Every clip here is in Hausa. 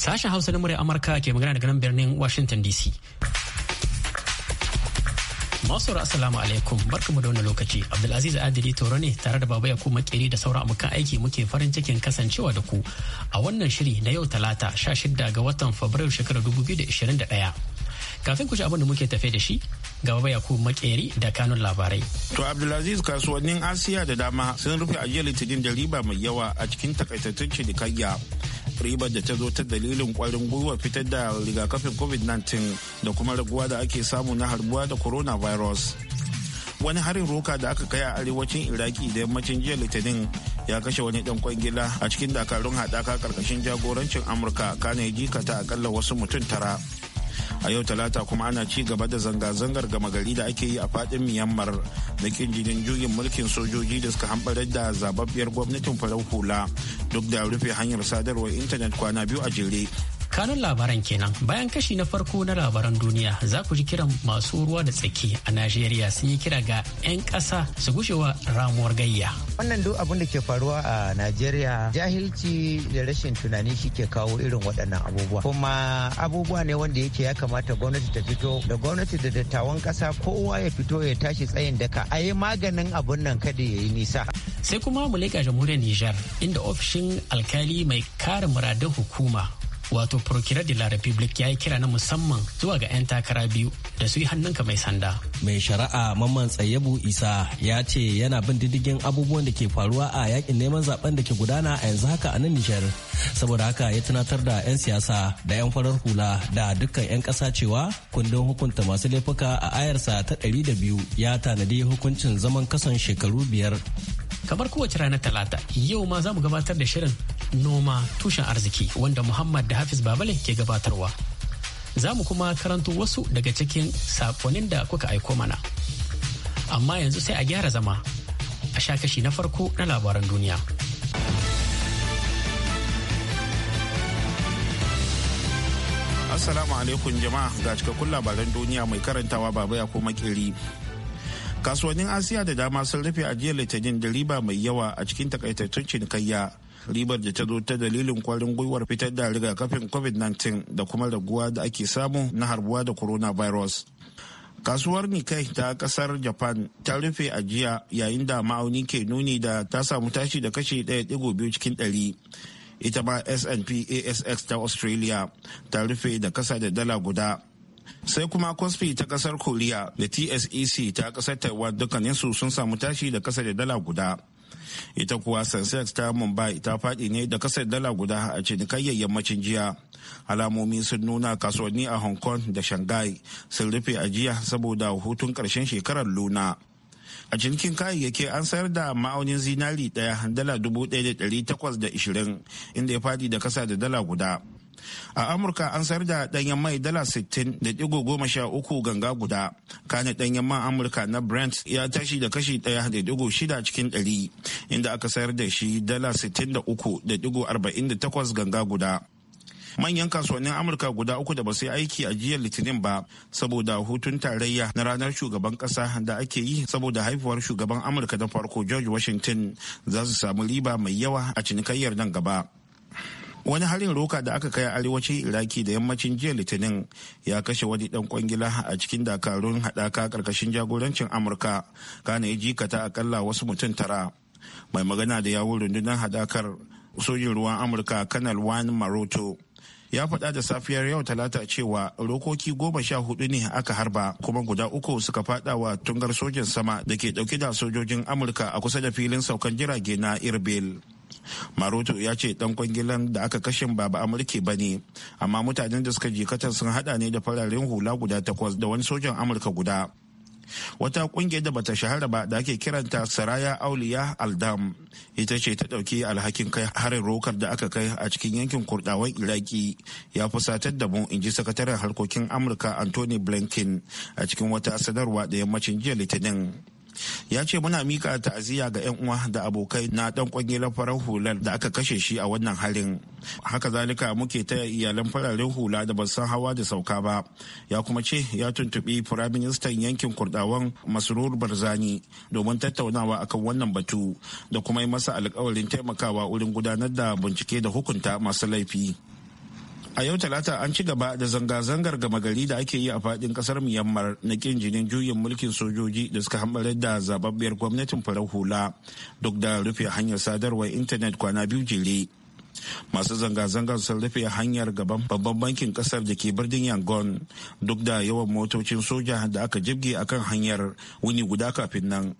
Sashen Hausa na murya Amurka ke magana daga nan birnin Washington DC. Masu assalamu alaikum barkamu da wannan lokaci Abdulaziz Adili Toro ne tare da Baba Yakubu Makeri da sauran abokan aiki muke farin cikin kasancewa da ku a wannan shiri na yau Talata sha 16 ga watan Fabrairu shekarar 2021. Kafin ku ji abin da muke tafe da shi ga Baba Yakubu Makeri da kanun labarai. To Abdulaziz kasuwannin Asiya da dama sun rufe ajiyar Litinin da riba mai yawa a cikin takaitattun cinikayya. ribar da ta zo ta dalilin kwarin gwiwa fitar da rigakafin covid-19 da kuma raguwa da ake samu na harbuwa da coronavirus wani harin roka da aka kai a arewacin iraki da yammacin jiya litinin ya kashe wani dan kwangila a cikin dakarun haɗaka karkashin jagorancin amurka kana jikata akalla wasu mutum tara a yau talata kuma ana ci gaba da zanga-zangar gama gari da ake yi a fadin myanmar da kinjinin juyin mulkin sojoji da suka hambarar da zababbiyar gwamnatin farar hula duk da rufe hanyar sadarwar intanet kwana biyu a jere kanun labaran kenan bayan kashi na farko na labaran duniya za ku ji kiran masu ruwa da tsaki a najeriya sun yi kira ga 'yan ƙasa su gushewa ramuwar gayya wannan duk abin da ke faruwa a najeriya jahilci da rashin tunani shi ke kawo irin waɗannan abubuwa kuma abubuwa ne wanda yake ya kamata gwamnati ta fito da gwamnati da dattawan ƙasa kowa ya fito ya tashi tsayin daka a yi maganin abun nan kada ya yi nisa sai kuma mu leƙa jamhuriyar nijar inda ofishin alkali mai kare muradun hukuma wato procureur de la republique ya yi kira na musamman zuwa ga 'yan takara biyu da su yi hannunka mai sanda mai shari'a mamman tsayabu isa ya ce yana bin diddigin abubuwan da ke faruwa a yakin neman zaben da ke gudana a yanzu haka a nan nijar saboda haka ya tunatar da 'yan siyasa da 'yan farar hula da dukkan 'yan ƙasa cewa kundin hukunta masu laifuka a ayarsa ta 200 ya tanadi hukuncin zaman kasan shekaru biyar kamar kowace ranar talata yau ma za mu gabatar da shirin noma tushen arziki wanda muhammad da hafiz babale ke gabatarwa za mu kuma karanto wasu daga cikin sakonin da kuka aiko mana amma yanzu sai a gyara zama a sha kashi na farko na labaran duniya assalamu alaikum jama'a ga cikakkun labaran duniya mai karantawa baba ya ko makiri kasuwannin asiya da dama sun rufe ajiyar litinin da riba mai yawa a cikin takaitattun cinikayya ribar da ta zo ta dalilin kwarin gwiwar fitar da rigakafin covid-19 da kuma raguwa da ake samu na harbuwa da coronavirus kasuwar nikai ta kasar japan ta rufe ajiya yayin da ma'auni ke nuni da ta samu tashi da kashi 1.2 cikin 100 ita ma snp asx ta australia ta rufe da kasa da dala guda sai kuma kospi ta kasar koriya da tsec ta kasar taiwan dukkaninsu sun samu tashi da kasa da dala guda ita kuwa sensex ta mumbai ta fadi ne da kasar dala guda a cinikayyar yammacin jiya alamomi sun nuna kasuwanni a hong kong da shanghai sun rufe a jiya saboda hutun karshen shekarar luna a cinikin kayayyaki an sayar da ma'aunin zinari daya dala dubu ɗaya da ɗari takwas da ishirin inda ya fadi da kasa da dala guda a amurka an sayar da danyen mai dala da goma sha uku ganga guda kane danyen man amurka na brent ya tashi da kashi da shida cikin dari inda aka sayar da shi dala da takwas ganga guda manyan kasuwannin amurka guda uku da ba su yi aiki a jiya litinin ba saboda hutun tarayya na ranar shugaban kasa da ake yi saboda haifuwar shugaban amurka na farko george washington za su samu riba mai yawa a cinikayyar nan gaba wani harin roka da aka kai a arewacin iraki da yammacin jiya litinin ya kashe wani dan kwangila a cikin dakarun haɗaka karkashin jagorancin amurka kana ya jikata akalla wasu mutum tara mai magana da yawun rundunar hadakar sojin ruwan amurka kanal wan maroto ya faɗa da safiyar yau talata cewa rokoki goma sha hudu ne aka harba kuma guda uku suka faɗa wa tungar sojin sama da ke ɗauke da sojojin amurka a kusa da filin saukan jirage na irbil maroto ya ce dan kwangilan da aka kashe ba ba amurke ba ne amma mutanen da suka jikata sun hada ne da fararen hula guda takwas da wani sojan amurka guda wata kungiyar da bata shahara ba da ake kiranta saraya auliya aldam ita ce ta dauki alhakin kai harin rokar da aka kai a cikin yankin kurdawan iraki ya fusatar da mu in ji sakataren harkokin amurka anthony blinken a cikin wata sanarwa da yammacin jiya litinin ya ce muna mika ta'aziyya ga 'yan uwa da abokai na dan kwangilar farar hular da aka kashe shi a wannan harin haka zalika muke ta iyalan fararen hula da ban san hawa da sauka ba ya kuma ce ya tuntubi firaministan yankin kurdawan masrur barzani domin tattaunawa akan wannan batu da kuma yi masa alkawarin taimakawa wurin gudanar da bincike da hukunta masu laifi a yau talata an ci gaba da zanga-zangar gama gari da ake yi a fadin kasar myanmar na kin jinin juyin mulkin sojoji da suka hambarar da zababbiyar gwamnatin farar hula duk da rufe hanyar sadarwar intanet kwana biyu jere masu zanga-zangar sun rufe hanyar gaban babban bankin kasar da ke birnin yangon duk da yawan motocin soja da aka jibge akan hanyar wuni guda kafin nan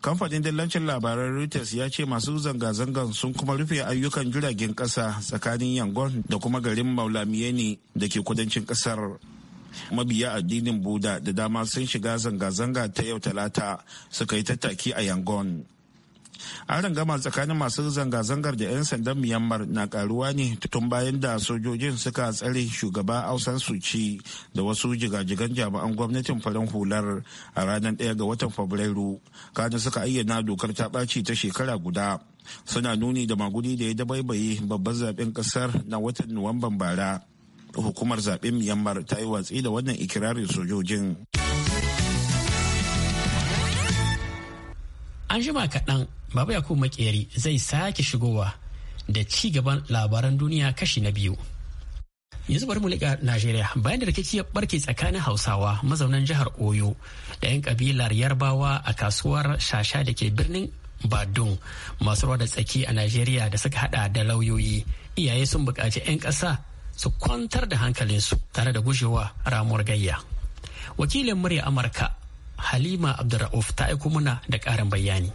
kamfanin dillancin labaran reuters ya ce masu zanga-zangan sun kuma rufe ayyukan jiragen kasa tsakanin yangon da kuma garin maulamiyeni da ke kudancin kasar mabiya addinin buda da dama sun shiga zanga-zanga ta yau talata suka yi tattaki a yangon an rangama tsakanin masu zanga-zangar da 'yan sandan myanmar na karuwa ne tun bayan da sojojin suka tsare shugaba ausan suci da wasu jigajigan jami'an gwamnatin farin hular a ranar 1 ga watan fabrairu kanin suka ayyana dokar ta ɓaci ta shekara guda suna nuni da magudi da ya dabaibaye babban zaben kasar na watan nuwamban bara hukumar zaben myanmar ta yi watsi da wannan ikirarin sojojin. an jima kaɗan Babu ya makeri zai sake shigowa da ci gaban labaran duniya kashi na biyu yanzu bari mu liƙa najeriya bayan da rikici ya barke tsakanin hausawa mazaunan jihar oyo da 'yan kabilar yarbawa a kasuwar shasha da ke birnin badun masu ruwa da tsaki a najeriya da suka hada da lauyoyi iyaye sun buƙaci 'yan ƙasa su kwantar da hankalinsu tare da gujewa ramuwar gayya wakilin murya amurka halima abdurra'uf ta aiko mana da ƙarin bayani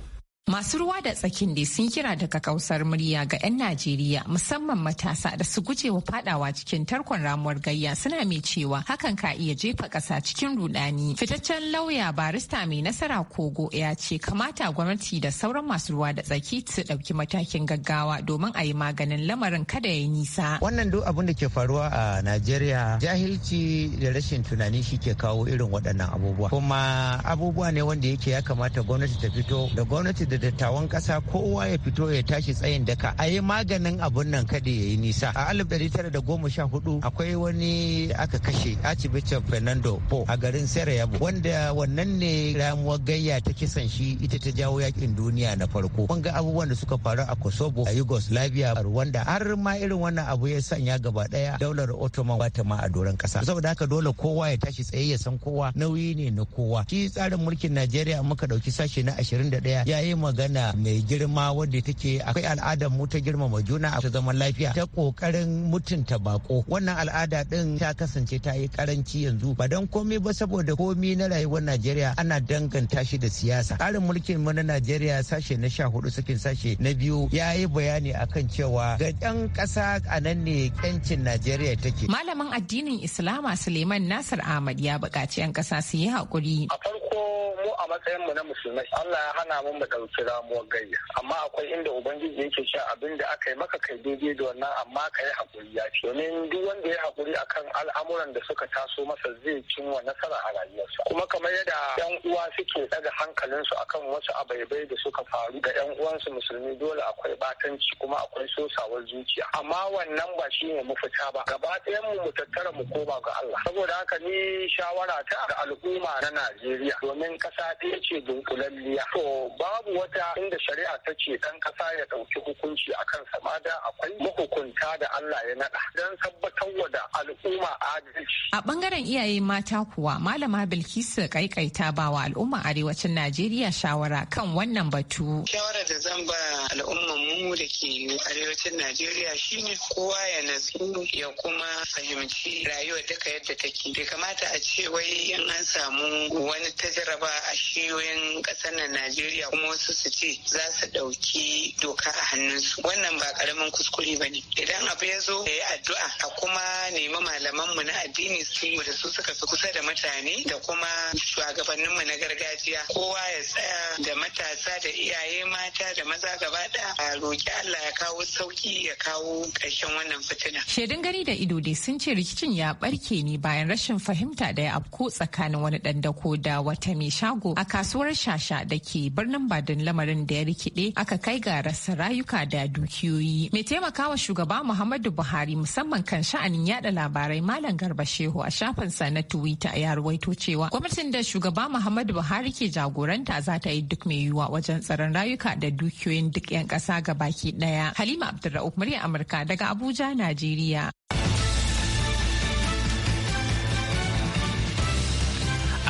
Masu ruwa da tsakin dai sun kira daga kausar murya ga 'yan Najeriya musamman matasa da su guje wa fadawa cikin tarkon ramuwar gayya suna mai cewa hakan ka iya jefa ƙasa cikin rudani. Fitaccen lauya barista mai nasara kogo ya ce kamata gwamnati da sauran masu ruwa da tsaki su ɗauki matakin gaggawa domin a yi maganin lamarin kada ya nisa. Wannan duk abin da ke faruwa a Najeriya jahilci da rashin tunani shi ke kawo irin waɗannan abubuwa. Kuma abubuwa ne wanda yake ya kamata gwamnati ta fito da gwamnati da dattawan kasa kowa ya fito ya tashi tsayin daka a yi maganin abun nan kada ya yi nisa a alif ɗari tara da goma sha hudu akwai wani aka kashe archbishop fernando po a garin sarajevo wanda wannan ne ramuwar gayya ta kisan shi ita ta jawo yakin duniya na farko wanga abubuwan da suka faru a kosovo a yugoslavia a rwanda har ma irin wannan abu ya sanya gaba daya daular ottoman ba ta ma a doron kasa saboda haka dole kowa ya tashi tsaye ya san kowa nauyi ne na kowa shi tsarin mulkin najeriya muka dauki sashe na 21 ya yi magana mai girma wadda take akwai al'adar mu ta girmama juna a zaman lafiya ta kokarin mutunta bako wannan al'ada din ta kasance ta yi karanci yanzu ba dan komai ba saboda komai na rayuwar Najeriya ana danganta shi da siyasa tsarin mulkin mu na Najeriya sashe na sha hudu sakin sashe na biyu ya yi bayani akan cewa ga ɗan kasa a nan ne yancin Najeriya take malamin addinin Islama Suleiman Nasir Ahmad ya buƙaci yan ƙasa su yi haƙuri a farko mu a matsayin mu na musulmai Allah ya hana mu mu ɗauki ramuwar gayya amma akwai inda ubangiji yake cewa abin da aka yi maka kai daidai da wannan amma ka yi hakuri ya ce domin duk wanda ya hakuri akan al'amuran da suka taso masa zai wa nasara a rayuwarsa kuma kamar yadda yan uwa suke daga hankalinsu akan wasu abaibai da suka faru ga yan uwansu musulmi dole akwai batanci kuma akwai sosawar zuciya amma wannan ba shi ne mafita ba gaba ɗayan mu mu tattara mu koma ga Allah saboda haka ni shawara ta ga al'umma na Najeriya domin kasa ɗaya ce dunkulalliya. To babu wata inda shari'a ta ce ɗan ƙasa ya ɗauki hukunci a kan samada akwai mahukunta da Allah ya naɗa don tabbatar da al'umma adalci. A ɓangaren iyaye mata kuwa Malama Bilkisu ƙaiƙaita ba wa al'umma arewacin Najeriya shawara kan wannan batu. Shawarar da zan ba al'umman mu da ke arewacin Najeriya shine kowa ya natsu ya kuma fahimci rayuwa duka yadda take. Bai kamata a ce wai in an samu wani ta jaraba a kasar ƙasar nan Najeriya kuma wasu su ce za su ɗauki doka a hannunsu. Wannan ba ƙaramin kuskure ba ne. Idan abu ya zo ya yi addu'a a kuma nemi malamanmu na addini su da su suka fi kusa da mutane da kuma shugabanninmu na gargajiya. Kowa ya tsaya da matasa da iyaye mata da maza gaba ɗaya a roƙi Allah ya kawo sauki ya kawo ƙarshen wannan fitina. Shaidun gani da ido dai sun ce rikicin ya ɓarke ne bayan rashin fahimta da ya afko tsakanin wani ɗan dako da wata mai shago a kasuwar shasha da ke birnin Badin lamarin da ya rikide aka kai ga rasa rayuka da dukiyoyi. Mai taimakawa shugaba Muhammadu Buhari musamman kan sha'anin yada labarai Malam Garba Shehu a shafinsa na Twitter ya ruwaito cewa gwamnatin da shugaba Muhammadu Buhari ke jagoranta za ta yi duk mai yiwuwa wajen tsaron rayuka da dukiyoyin duk 'yan ƙasa baki ɗaya. Halima Abdulrahman murya Amurka daga Abuja, Najeriya.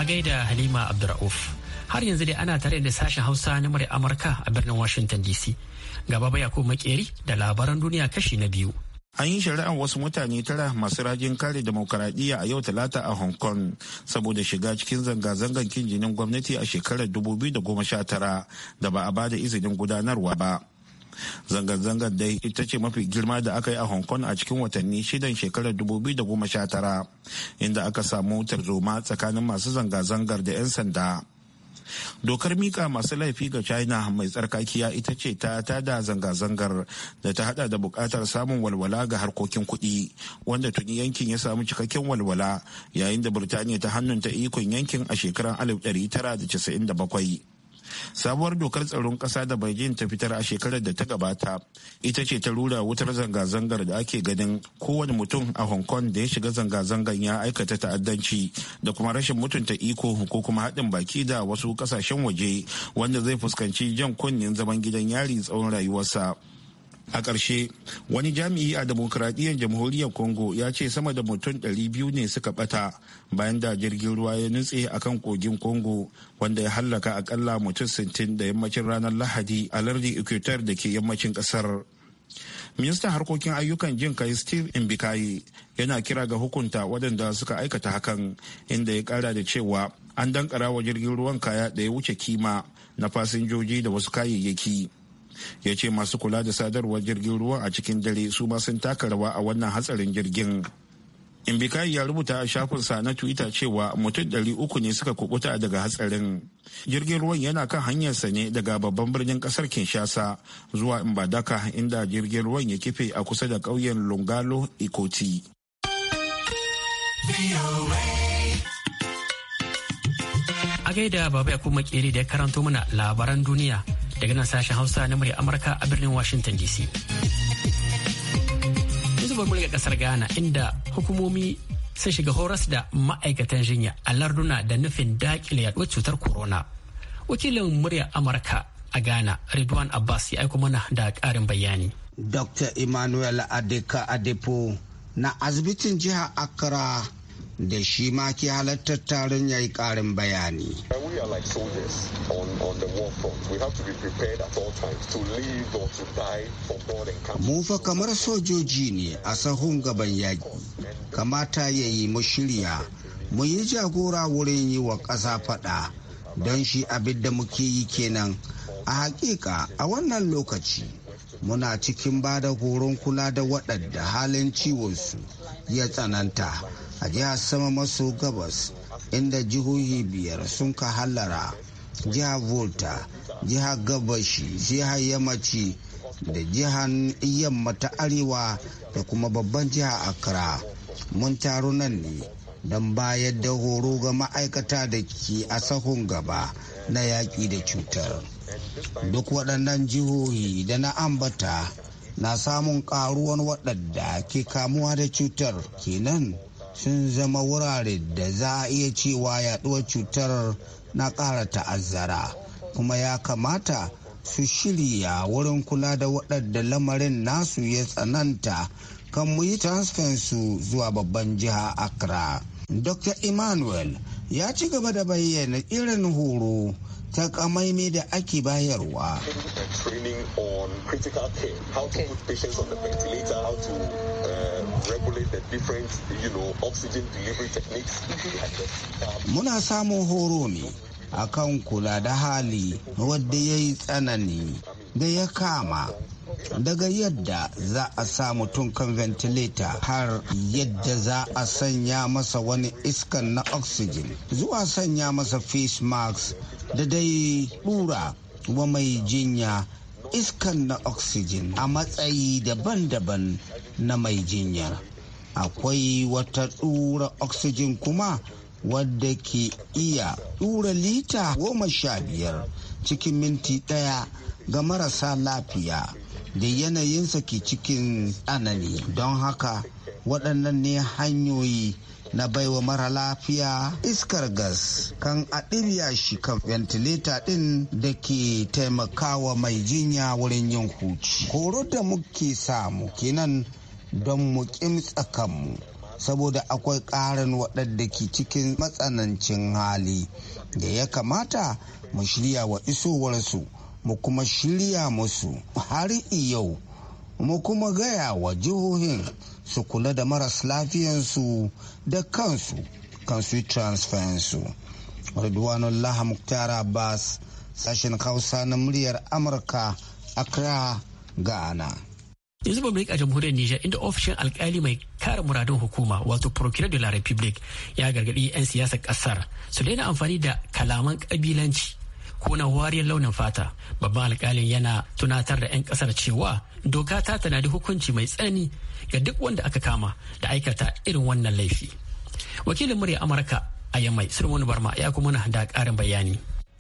A da Halima Abdurrauf. Har yanzu dai ana tare da sashen Hausa na murya Amurka a birnin Washington DC. Gaba baya ko makeri da labaran duniya kashi na biyu. An yi shari'ar wasu mutane tara masu rajin kare demokaradiyya a yau talata a Hong Kong saboda shiga cikin zanga-zangar kin jinin gwamnati a shekarar 2019 da ba a bada izinin gudanarwa ba. Zanga-zangar dai ita ce mafi girma da aka yi a Hong Kong a cikin watanni shidan shekarar 2019 inda aka samu tarzoma tsakanin masu zanga-zangar da 'yan sanda. dokar mika masu laifi ga china mai tsarkakiya ita ce ta tada zanga-zangar da ta hada da bukatar samun walwala ga harkokin kudi wanda tuni yankin ya samu cikakken walwala yayin da burtaniya ta hannunta ikon yankin a shekarar 1997 sabuwar dokar tsaron ƙasa da beijing ta fitar a shekarar da ta gabata ita ce ta rura wutar zanga-zangar da ake ganin kowane mutum a hong kong da ya shiga zanga-zangar ya aikata ta'addanci da kuma rashin mutunta iko ko kuma haɗin baki da wasu ƙasashen waje wanda zai fuskanci jan kunnen zaman gidan yari tsawon rayuwarsa. a ƙarshe wani jami'i a demokuraɗiyyar jamhuriyar congo ya ce sama da mutum 200 ne suka ɓata bayan da jirgin ruwa ya nutse a kan kogin congo wanda ya hallaka akalla mutum 60 da yammacin ranar lahadi a lardin equator da ke yammacin ƙasar ministan harkokin ayyukan jin kai steve imbikayi yana kira ga hukunta waɗanda suka aikata hakan inda ya ƙara da cewa an dankara wa jirgin ruwan kaya da ya wuce kima na fasinjoji da wasu kayayyaki ya ce masu kula da sadarwar jirgin ruwa a cikin dare su ma sun taka rawa a wannan hatsarin jirgin Imbikai ya rubuta a shafinsa na Twitter cewa mutum ɗari uku ne suka kubuta daga hatsarin. Jirgin ruwan yana kan hanyarsa ne daga babban birnin kasar Kinshasa zuwa Mbadaka inda jirgin ruwan ya kife a kusa da ƙauyen Lungalo Ikoti. A gaida baba ya kuma kere da ya karanto mana labaran duniya daga nan sashen hausa na murya amurka a birnin washington dc yanzu bar murya kasar ghana inda hukumomi sun shiga horas da ma'aikatan jinya a larduna da nufin dakile yaduwar cutar corona wakilin murya amurka a ghana ridwan abbas ya aiko mana da karin bayani dr emmanuel adeka adepo na asibitin jihar accra da shi ma ke halartar taron ya yi ƙarin bayani. Mu fa kamar sojoji ne a sahun gaban yaƙi, kamata ya yi mu shirya, mu yi jagora wurin yi wa ƙasa faɗa, don shi abin da muke yi kenan. A hakika a wannan lokaci. muna cikin ba da horon kula da waɗanda halin ciwonsu ya tsananta a jihar sama maso gabas inda jihohi biyar sun ka hallara jihar volta jihar gabashi jihar yammaci da jihar yamma ta arewa da kuma babban jihar accra mun taru nan ne don bayar da horo ga ma'aikata da ke a sahun gaba na yaƙi da cutar Duk waɗannan jihohi da na ambata na samun ƙaruwan waɗanda ke kamuwa da cutar kenan sun zama wurare da za a iya cewa yaɗuwar cutar na ƙara ta'azzara kuma ya kamata su shirya wurin kula da waɗanda lamarin nasu ya tsananta kan muyi yi zuwa babban jiha Accra. Dr. Emmanuel ya ci gaba da bayyana irin horo ta takamaime da ake bayarwa. Uh, Muna samun horo ne akan kula da hali wadda ya yi tsanani da ya kama daga yadda za a sa mutum kan ventilator har yadda za a sanya masa wani iskan na oxygen zuwa sanya masa face mask da dai ɗura wa mai jinya iskan na oxygen a matsayi daban-daban na mai jinyar akwai wata ɗura oxygen kuma wadda ke iya ɗura lita goma sha biyar cikin minti ɗaya ga marasa lafiya da yanayinsa ke cikin tsanani don haka waɗannan ne hanyoyi na baiwa mara lafiya iskar gas kan a ɗirya shi kan ventilator ɗin da ke taimakawa mai jinya wurin yin huci horo da muke samu kenan don mu kimtsa kanmu saboda akwai ƙarin waɗanda ke cikin matsanancin hali da ya kamata mu shirya wa isowarsu mu kuma shirya musu har yau mu kuma gaya wa jihohin su kula da maras lafiyansu da kansu kansu Ridwanul Laha Mukhtar abbas sashen hausa na muryar amurka accra ghana yanzu ba a jamhuriyar Nijar inda ofishin alkali mai kare muradun hukuma wato Procureur de la République ya gargaɗi 'yan siyasar ƙasar su daina amfani da kalaman ƙabilanci ko na wariyar launin fata babban alkalin yana tunatar da 'yan kasar cewa doka ta tanadi hukunci mai tsanani ga duk wanda aka kama da aikata irin wannan laifi wakilin murya amurka a yammai sulmanu barma ya kuma na da ƙarin bayani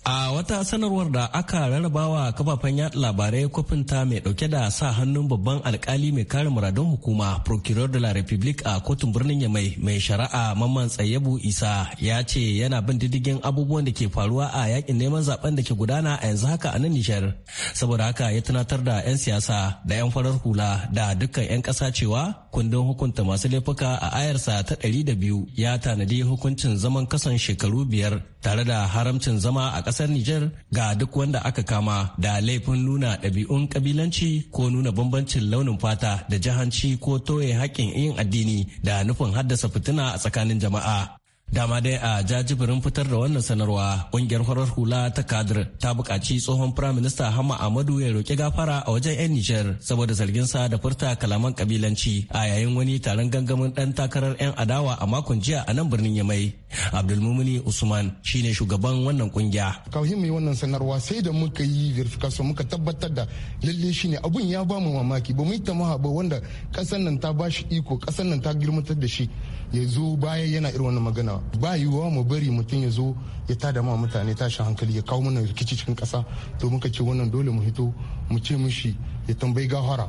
A wata sanarwar da aka rarrabawa kafafen yaɗa labarai kwafinta mai ɗauke da sa hannun babban alkali mai kare muradun hukuma Procureur de la République a kotun birnin Yamai mai shari'a Mamman Tsayebu Isa ya ce yana bin diddigin abubuwan da ke faruwa a yakin neman zaben da ke gudana a yanzu haka a nan Nijar. Saboda haka ya tunatar da 'yan siyasa da 'yan farar hula da dukkan 'yan ƙasa cewa kundin hukunta masu laifuka a ayarsa ta ɗari da biyu ya tanadi hukuncin zaman kasan shekaru biyar tare da haramcin zama a ƙasar Nijar ga duk wanda aka kama da laifin nuna ɗabi'un ƙabilanci ko nuna bambancin launin fata da jahanci ko toye haƙƙin yin addini da nufin haddasa fitina a tsakanin jama'a. dama dai a jajibirin fitar da wannan sanarwa kungiyar farar hula ta kadir ta bukaci tsohon firaminista hama amadu ya roƙi gafara a wajen 'yan nijar saboda zargin sa da furta kalaman kabilanci a yayin wani taron gangamin dan takarar 'yan adawa a makon jiya a nan birnin yamai abdulmumini usman shine shugaban wannan kungiya kawai mai wannan sanarwa sai da muka yi verification muka tabbatar da lalle shine abun ya bamu mamaki ba mu yi tamaha ba wanda kasan nan ta bashi iko kasan nan ta girmatar da shi ya zo baya yana irin wannan magana ba yiwuwa mu bari mutum ya zo ya tada ma mutane tashin hankali ya kawo mana rikici cikin kasa to muka ce wannan dole mu hito mu ce mishi ya tambayi gahara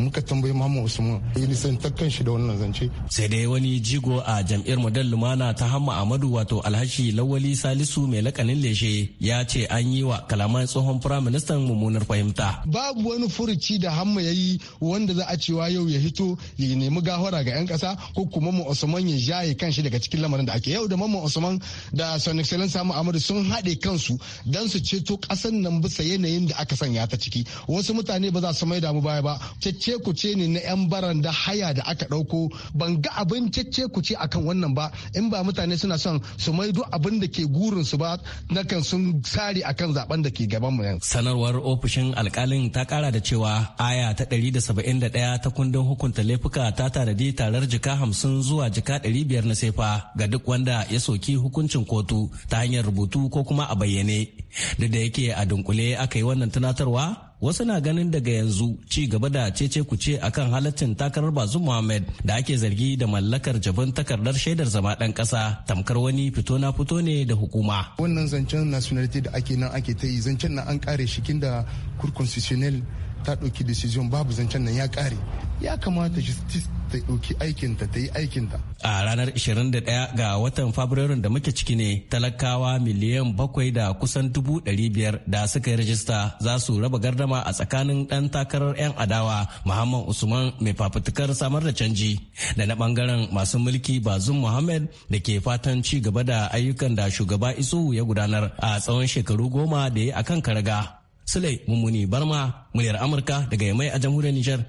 muka tambayi Muhammad Usman ya nisan ta shi da wannan zance. Sai dai wani jigo a jam'iyyar Model Lumana ta Hamma Amadu wato alhashi Lawali Salisu mai lakanin leshe ya ce an yi wa kalaman tsohon firaministan mummunar fahimta. Babu wani furuci da Hamma ya yi wanda za a cewa yau ya hito ya nemi gahora ga 'yan kasa ko kuma mu Usman ya jaye kanshi daga cikin lamarin da ake yau da mamu Usman da Son Excellence Amadu sun haɗe kansu don su ceto ƙasar nan bisa yanayin da aka sanya ta ciki. Wasu mutane ba za su da mu baya ba. Cece cece ku ce ne na 'yan baranda haya da aka ɗauko ban ga abin cece ku ce akan wannan ba in ba mutane suna son su maido abin da ke gurin su ba na kan sun sare akan zaben da ke gaban mu sanarwar ofishin alkalin ta kara da cewa aya ta 171 ta kundin hukunta laifuka ta taradi tarar jika 50 zuwa jika 500 na sefa ga duk wanda ya soki hukuncin kotu ta hanyar rubutu ko kuma a bayyane duk da yake a dunkule aka yi wannan tunatarwa wasu na ganin daga yanzu ci gaba da cece kuce akan halaccin takarar bazu muhammad da ake zargi da mallakar jabin takardar shaidar zama dan kasa tamkar wani fito na fito ne da hukuma wannan zancen nationality da ake nan ake ta yi zancen nan an kare shi da cour constitutionnel ta ɗauki decision babu zancen nan ya kare ya kamata justice ta ɗauki aikinta ta yi aikinta. A ranar 21 ga watan Fabrairun da muke ciki ne talakawa miliyan bakwai da kusan dubu ɗari biyar da suka yi rajista za su raba gardama a tsakanin ɗan takarar 'yan adawa Muhammad Usman mai fafutukar samar da canji da na ɓangaren masu mulki Bazum Muhammad da ke fatan ci gaba da ayyukan da shugaba Isu ya gudanar a tsawon shekaru goma da ya akan karaga. Sule Mummuni Barma, muryar Amurka daga Yamai a jamhuriyar Nijar.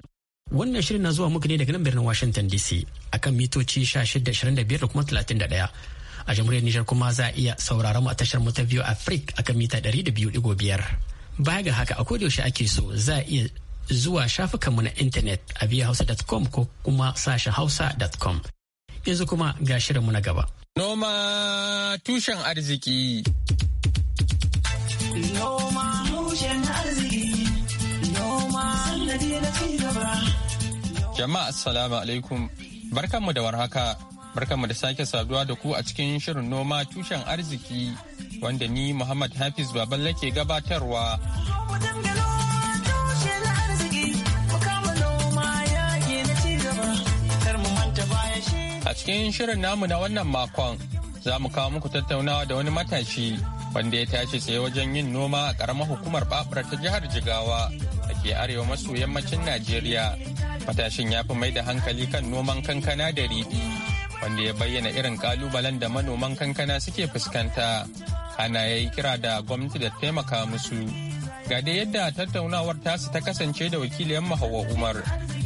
Wannan shirin na zuwa muku ne daga nan birnin Washington DC a kan mitoci 1625 da kuma 31. A jamhuriyar Nijar kuma za a iya sauraron a tashar mu ta biyu Afrik akan mita 200.5. Baya ga haka a yaushe ake so za a iya zuwa shafukanmu na intanet a biyahausa.com ko kuma sashen hausa.com. Yanzu kuma ga shirinmu na gaba. Noma tushen arziki. Noma tushen arziki. Jama'a Assalamu alaikum. Barkanmu da warhaka. Barkanmu da sake saduwa da ku a cikin shirin noma tushen arziki wanda ni Muhammad Hafiz Baballe ke gabatarwa. A cikin shirin namu na wannan makon za mu kawo muku tattaunawa da wani matashi wanda ya tashi tsaye wajen yin noma a ƙaramar hukumar babura ta jihar Jigawa da ke arewa maso yammacin Najeriya. matashin ya fi mai da hankali kan noman kankana da riɗi wanda ya bayyana irin kalubalen da manoman kankana suke fuskanta ana ya yi kira da gwamnati da taimaka musu ga dai yadda tattaunawar tasu ta kasance da wakiliyar hawa umar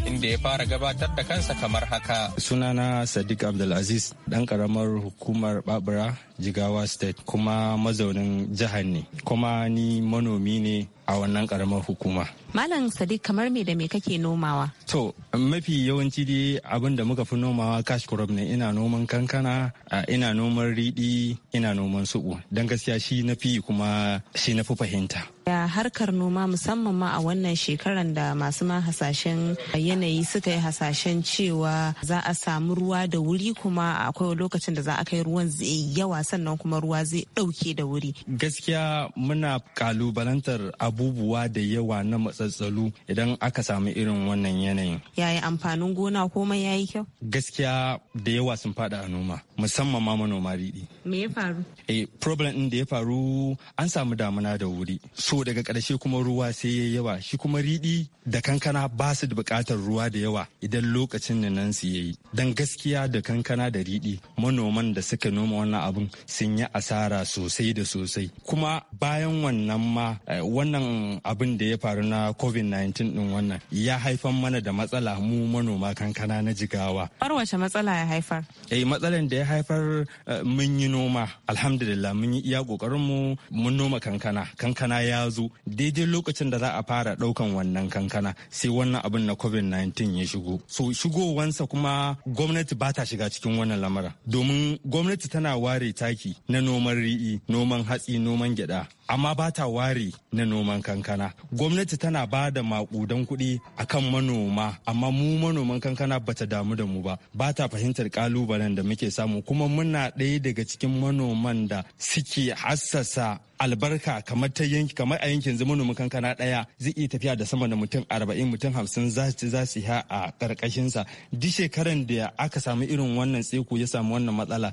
inda ya fara gabatar da kansa kamar haka sunana sadiq abdulaziz dan karamar hukumar babura jigawa state kuma mazaunin jihar ne kuma ni manomi ne a wannan karamar hukuma malam sadiq kamar me da me kake nomawa to mafi yawanci dai abin da muka fi nomawa cash crop ne ina noman kankana ina noman riɗi ina noman suɓu don gaskiya shi na fi kuma shi na fi fahimta ya harkar noma musamman ma a wannan shekaran da masu ma hasashen yanayi suka yi hasashen cewa za a samu ruwa da wuri kuma akwai lokacin da za a kai ruwan yawa sannan kuma ruwa zai ɗauke da wuri. Gaskiya muna kalubalantar abubuwa da yawa na matsatsalu idan aka samu irin wannan yanayin. yayi amfanin gona komai yayi kyau? Gaskiya da yawa sun faɗa a noma. musamman ma manoma riɗi. Me ya faru? Eh, problem ɗin da ya faru an samu damuna da wuri. So daga ƙarshe kuma ruwa sai ya yawa. Shi kuma riɗi da kankana ba su da buƙatar ruwa da yawa idan lokacin da nan su yayi. don gaskiya da kankana da riɗi manoman da suka noma wannan abun sun yi asara sosai da sosai. Kuma bayan wannan ma eh, wannan abin da ya faru na COVID-19 ɗin wannan ya haifar mana da matsala mu manoma kankana na jigawa. Farwace matsala ya haifar? Eh, matsalan da haifar eh, mun yi noma alhamdulillah mun yi iya kokarin mu mun noma kankana kankana ya zo daidai lokacin da za a fara daukan wannan kankana sai wannan abin na covid-19 ya shigo so shigowansa kuma gwamnati ba ta shiga cikin wannan lamarin domin gwamnati tana ware taki na noman ri'i noman hatsi noman gyada amma ba ta ware na noman kankana gwamnati tana ba da makudan kuɗi a kan manoma amma mu manoman kankana ba ta damu da mu ba ba ta fahimtar kalubalen da muke samu kuma muna ɗaya daga cikin manoman da suke hassasa albarka kamar ta yanki kamar a yankin zumunumin kankana daya zai iya tafiya da sama da mutum arba'in mutum hamsin za su za ha a karkashinsa duk shekaran da aka samu irin wannan tsiko ya samu wannan matsala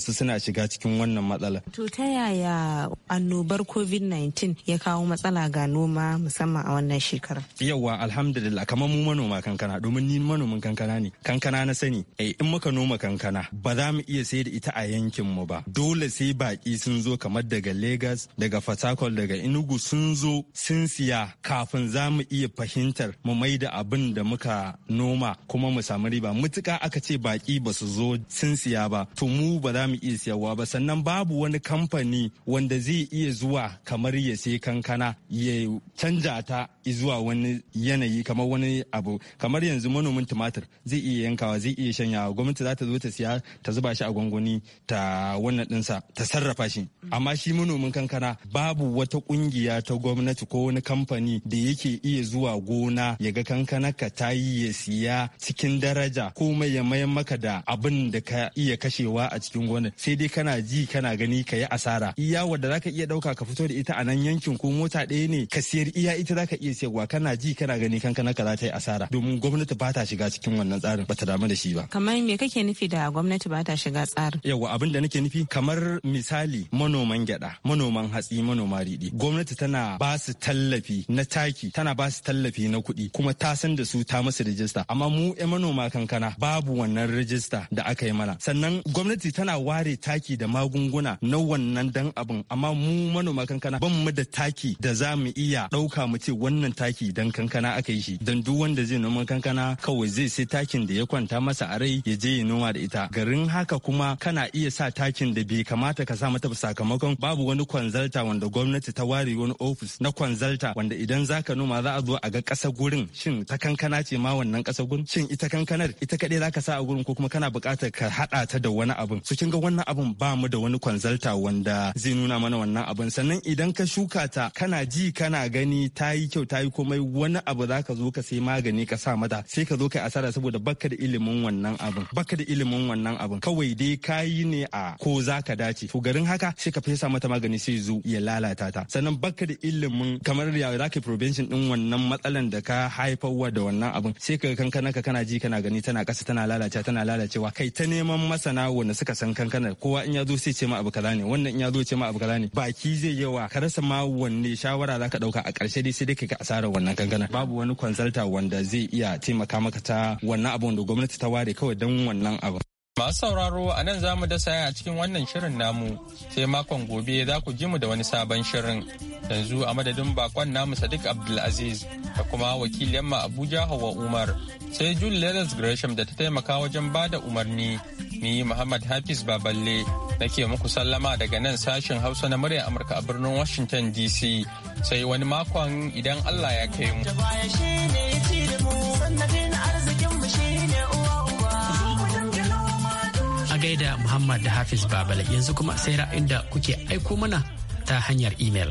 su suna shiga cikin wannan matsala. to ta yaya annobar covid-19 ya kawo matsala ga noma musamman a wannan shekara. yawwa alhamdulillah kamar mu manoma kankana domin ni manomin kankana ne kankana na sani eh in muka noma kankana ba za mu iya sayar da ita a yankin mu ba dole sai baki sun zo kamar daga Legas Legas daga Fatakol daga Enugu sun zo sun siya kafin za mu iya fahimtar mu mai da abin da muka noma kuma mu samu riba mutuka aka ce baki ba su zo sun siya ba to mu ba za mu iya siyarwa ba sannan babu wani kamfani wanda zai iya zuwa kamar ya sai kankana ya canja ta zuwa wani yanayi kamar wani abu kamar yanzu manomin tumatir zai iya yankawa zai iya shanya gwamnati za ta zo ta siya ta zuba shi a gwangwani ta wannan dinsa ta sarrafa shi amma shi manomin kankana babu wata kungiya ta gwamnati ko wani kamfani da yake iya zuwa gona ya ga kankana ka ta yi ya siya cikin daraja komai ya mayan maka da abin da ka iya kashewa a cikin gonar sai dai kana ji kana gani ka yi asara iya wadda zaka iya ɗauka ka fito da ita a nan yankin ko mota ɗaya ne ka siyar iya ita zaka iya siyarwa kana ji kana gani kankana ka za ta yi asara domin gwamnati ba ta shiga cikin wannan tsarin ba ta damu da shi ba kamar me kake nufi da gwamnati ba ta shiga tsarin yawa abin da nake nufi kamar misali manoman gyada manoma noman hatsi manoma riɗi gwamnati tana ba su tallafi na taki tana ba su tallafi na kuɗi kuma ta san da su ta musu rijista amma mu manoma kankana babu wannan rijista da aka yi mana sannan gwamnati tana ware taki da magunguna na wannan dan abin amma mu manoma kankana ban mu da taki da za mu iya ɗauka mu ce wannan taki dan kankana aka yi shi dan duk wanda zai noman kankana kawai zai sai takin da ya kwanta masa a rai ya je ya noma da ita garin haka kuma kana iya sa takin da bai kamata ka sa mata sakamakon babu wani kwan kwanzalta wanda gwamnati ta ware wani ofis na kwanzalta wanda idan za ka noma za a zo a ga ƙasa gurin shin ta kankana ce ma wannan ƙasa gurin shin ita kankanar ita kaɗai ka sa a gurin ko kuma kana buƙatar ka haɗa ta da wani abin su kin ga wannan abin ba mu da wani kwanzalta wanda zai nuna mana wannan abin sannan idan ka shuka ta kana ji kana gani ta yi kyau ta yi komai wani abu za ka zo ka sai magani ka sa mata sai ka zo kai asara saboda baka da ilimin wannan abin baka da ilimin wannan abin kawai dai ka yi ne a ko za ka dace to garin haka sai ka fesa mata magani sai zo ya lalata ta sannan baka da ilimin kamar ya za ka prevention din wannan matsalan da ka haifarwa da wannan abin sai ka kankana ka kana ji kana gani tana kasa tana lalacewa tana lalacewa kai ta neman masana wanda suka san kankana kowa in ya zo sai ce ma abu kaza ne wannan in ya zo ce ma abu kaza ne baki zai yawa ka rasa ma wanne shawara za ka dauka a karshe dai sai dai ka asara wannan kankana babu wani consultant wanda zai iya taimaka maka ta wannan abun da gwamnati ta ware kawai don wannan abin Masu sauraro a nan za mu dasa a cikin wannan shirin namu sai makon gobe za ku ji mu da wani sabon shirin. Yanzu a madadin bakon namu Sadiq Abdulaziz da kuma wakilin ma Abuja Hawa Umar sai Jul Leathers Gresham da ta taimaka wajen ba da umarni. Ni Muhammad Hafiz Baballe nake muku sallama daga nan sashen Hausa na muryar Amurka a birnin Washington DC sai wani makon idan Allah ya kai mu. gaida Muhammad da Hafiz Babala yanzu kuma sai ra'ayin da kuke aiko mana ta hanyar imel.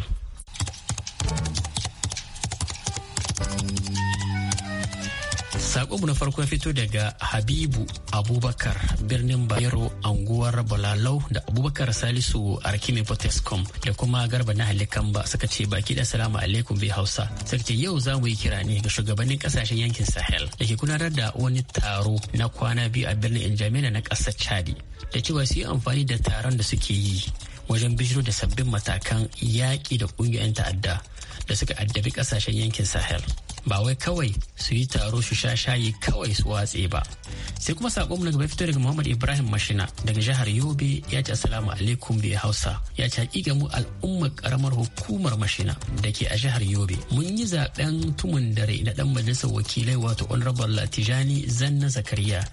Sakonmu na farko ya fito daga Habibu Abubakar birnin Bayero anguwar Balalau da Abubakar Salisu Arkime Potescom da kuma Garba na ba suka ce baki da salamu alaikum bai Hausa. Suka yau za mu yi kira ne ga shugabannin kasashen yankin Sahel da ke gudanar da wani taro na kwana biyu a birnin injamina na ƙasar Chadi da cewa su yi amfani da taron da suke yi wajen bijiro da sabbin matakan yaƙi da ƙungiyoyin ta'adda da suka addabi ƙasashen yankin Sahel. ba wai kawai su yi taro su sha shayi kawai su watse ba sai kuma sakon daga fito daga muhammad ibrahim mashina daga jihar yobe ya ce assalamu alaikum bai hausa ya ce hakika mu al'ummar karamar hukumar mashina da ke a jihar yobe mun yi zaɓen tumun dare na dan majalisar wakilai wato honorable latijani zanna zakariya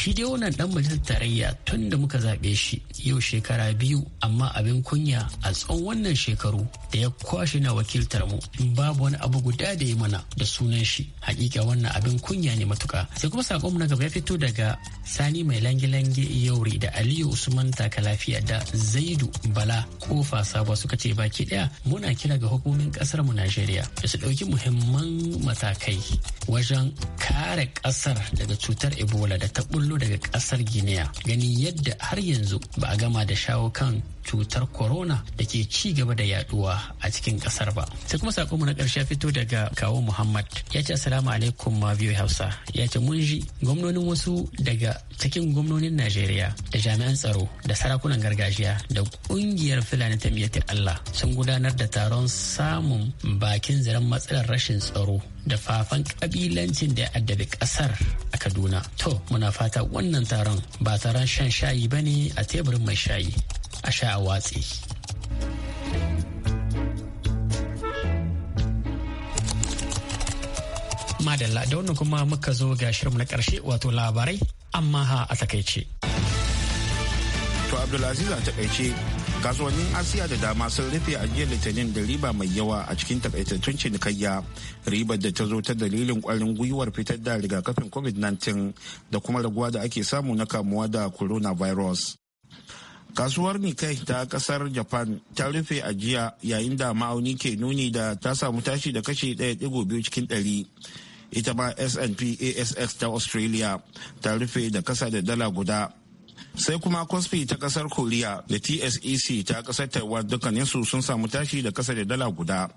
shi dai wannan dan majalisar tarayya tun da muka zaɓe shi yau shekara biyu amma abin kunya a tsawon wannan shekaru da ya kwashe na wakiltar mu babu wani abu guda da ya mana da sunan shi hakika wannan abin kunya ne matuka sai kuma sakon na gaba ya fito daga sani mai lange-lange yauri da aliyu usman taka lafiya da zaidu bala kofa sabuwa suka ce baki daya muna kira ga hukumomin kasar mu najeriya da su dauki muhimman matakai wajen kare kasar daga cutar ebola da ta bullo daga kasar guinea ganin yadda har yanzu ba a gama da shawo kan cutar corona da ke ci gaba da yaduwa a cikin kasar ba sai kuma sakonmu na karshe fito daga kawo muhammad muhammad ya ce assalamu alaikum ma biyu hausa ya ce mun ji gwamnonin wasu daga cikin gwamnonin najeriya da jami'an tsaro da sarakunan gargajiya da kungiyar fulani ta miyatar allah sun gudanar da taron samun bakin zaren matsalar rashin tsaro da fafan kabilancin da ya addabi kasar a kaduna to muna fata wannan taron ba taron shan shayi ba ne a teburin mai shayi a sha a watsi Madalla da wannan kuma muka zo ga shirinmu na ƙarshe wato labarai amma ha a takaice. To Abdulaziz a takaice kasuwannin Asiya da dama sun rufe a jiya litinin da riba mai yawa a cikin takaitattun cinikayya ribar da ta zo ta dalilin kwarin gwiwar fitar da rigakafin COVID-19 da kuma raguwa da ake samu na kamuwa da coronavirus. kasuwar nikai ta kasar japan ta rufe ajiya yayin da ma'auni ke nuni da ta samu tashi da kashi 1.2 cikin ɗari. ita ma snp asx ta australia ta rufe da kasa da dala guda sai kuma kospi ta kasar korea da tsec ta kasar taiwan dukkaninsu sun samu tashi da kasa da dala guda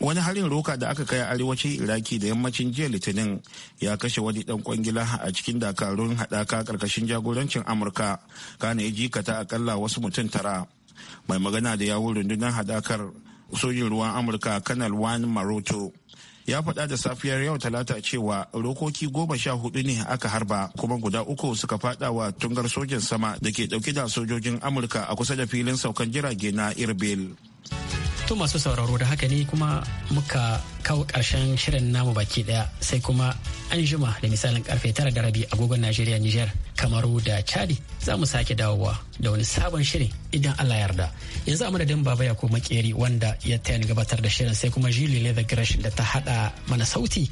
wani harin roka da aka kai a arewacin iraki da yammacin jiya litinin ya kashe wani dan kwangila a cikin dakarun haɗaka karkashin jagorancin amurka kana ya jikata akalla wasu mutum tara mai magana da yawun rundunar hadakar sojin ruwan amurka kanal wan maroto ya faɗa da safiyar yau talata cewa rokoki goma sha hudu ne aka harba kuma guda uku suka fada wa tungar sojin sama da ke ɗauke da sojojin amurka a kusa da filin saukan jirage na irbil to masu sauraro da haka ne kuma muka kawo karshen shirin namu baki daya sai kuma an jima da misalin karfe tara da rabi agogon najeriya niger kamaru da chadi za mu sake dawowa da wani sabon shirin idan allah yarda yanzu a madadin baba ya ko makeri wanda ya taya ni gabatar da shirin sai kuma jili leather da ta hada mana sauti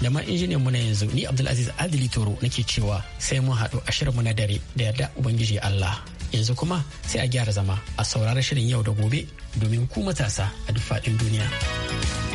da ma injiniyan mu na yanzu ni abdulaziz adili toro nake cewa sai mun haɗu a shirin mu na dare da yarda ubangiji allah yanzu kuma sai a gyara zama a saurari shirin yau da gobe domin ku matasa a duk faɗin duniya.